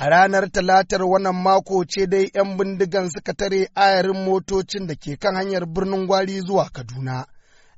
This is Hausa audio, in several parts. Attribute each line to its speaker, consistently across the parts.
Speaker 1: A ranar talatar wannan mako ce dai 'yan bindigan suka tare ayarin motocin da ke kan hanyar birnin gwari zuwa Kaduna,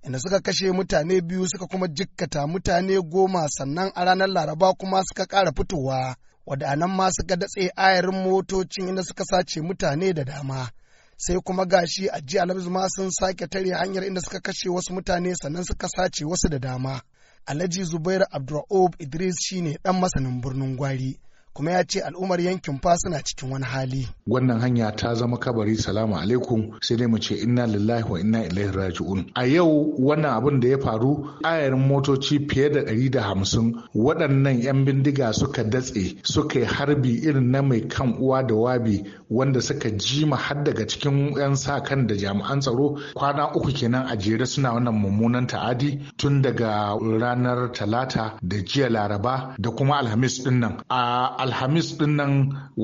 Speaker 1: inda suka kashe mutane biyu suka kuma jikkata mutane goma sannan a ranar Laraba kuma suka ƙara fitowa, wadda a nan ma suka datse ayarin motocin inda suka sace mutane da dama. Sai kuma gashi a jiya ma sun sake tare hanyar inda suka kashe wasu mutane sannan suka sace wasu da dama. Alhaji Zubairu Abdur'ub Idris shine ɗan masanin birnin gwari. kuma ya ce al'ummar yankin fa suna cikin wani hali.
Speaker 2: Wannan hanya ta zama kabari salamu alaikum sai dai mu ce inna lillahi wa inna ilaihi raji'un. A yau wannan abin da ya faru ayarin motoci fiye da ɗari da hamsin waɗannan 'yan bindiga suka datse suka yi harbi irin na mai kan uwa da wabi wanda suka jima har daga cikin 'yan sa kan da jami'an tsaro kwana uku kenan a jere suna wannan mummunan ta'adi tun daga ranar talata da jiya laraba da kuma alhamis ɗinnan. A alhamis din nan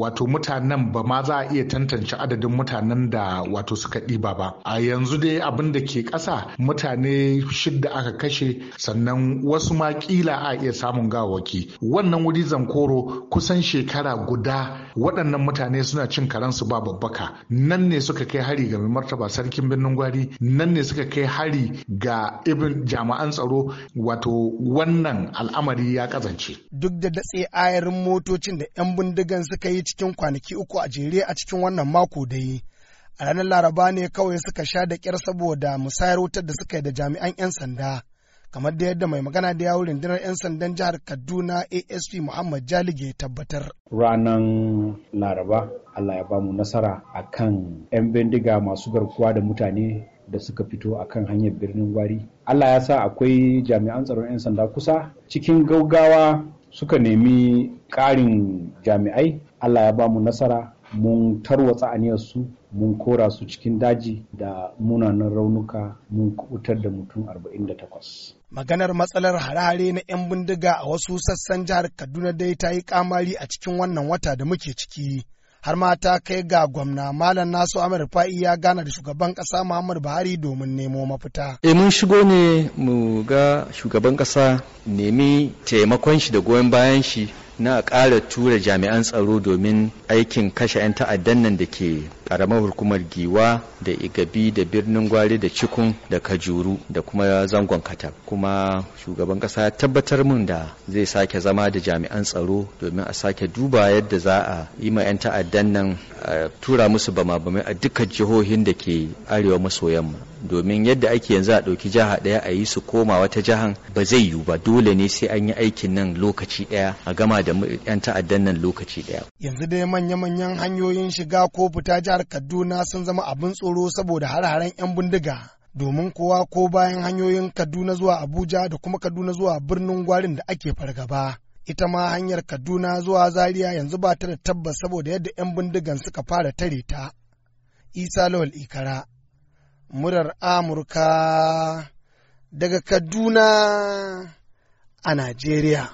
Speaker 2: wato mutanen ba ma za a iya tantance adadin mutanen da wato suka ɗiba ba a yanzu dai abin da ke ƙasa mutane shidda aka kashe sannan wasu ma ƙila a iya samun gawaki wannan wuri zankoro kusan shekara guda waɗannan mutane suna cin karansu ba babbaka nan ne suka kai hari ga mai martaba sarkin birnin gwari nan ne suka kai hari ga ibin jami'an tsaro wato wannan al'amari ya ƙazance.
Speaker 1: duk da datse ayarin motoci lokacin da 'yan bindigan suka yi cikin kwanaki uku a jere a cikin wannan mako da yi. A ranar Laraba ne kawai suka sha da ƙyar saboda musayar wutar da suka yi da jami'an 'yan sanda. Kamar da yadda mai magana da yawon rundunar 'yan sandan jihar Kaduna ASP Muhammad Jalige ya tabbatar.
Speaker 3: Ranar Laraba Allah ya bamu nasara akan 'yan bindiga masu garkuwa da mutane da suka fito akan hanyar birnin gwari. Allah ya sa akwai jami'an tsaron 'yan sanda kusa cikin gaugawa suka nemi ƙarin jami'ai allah ya ba mu nasara mun tarwatsa aniyarsu mun kora su cikin daji da munanan raunuka mun kubutar da mutum 48.
Speaker 1: Maganar matsalar harare na 'yan bindiga a wasu sassan jihar Kaduna dai ta yi kamari a cikin wannan wata da muke ciki. har ma ta kai ga gwamna malam nasu amir fa'i ya gana da shugaban kasa muhammadu buhari domin nemo mafita
Speaker 3: e mun shigo ne mu ga shugaban kasa nemi taimakon shi da goyon bayan shi na ƙara tura jami'an tsaro domin aikin kashe 'yan ta'addan nan da ke karamar hukumar giwa da igabi da birnin gwari da cikun da kajuru da kuma zangon kata. kuma shugaban kasa ya tabbatar min da zai sake zama da jami'an tsaro domin a sake duba yadda za a yi ma 'yan ta'addan nan a tura musu bama-bamai a dukkan jihohin da ke arewa maso yamma domin yadda ake yanzu a ɗauki jiha ɗaya a yi su koma wata jihan ba zai yiwu ba dole ne sai an yi aikin nan lokaci ɗaya a gama da 'yan ta'addan nan lokaci ɗaya
Speaker 1: yanzu dai manya-manyan hanyoyin shiga ko fita jihar jihar Kaduna sun zama abin tsoro saboda har haren 'yan bindiga. Domin kowa ko bayan hanyoyin Kaduna zuwa Abuja da kuma Kaduna zuwa birnin gwarin da ake fargaba. Ita ma hanyar Kaduna zuwa Zaria yanzu ba ta da tabbas saboda yadda 'yan bindigan suka fara tare ta. Isa Lawal Ikara, murar Amurka daga Kaduna a Najeriya.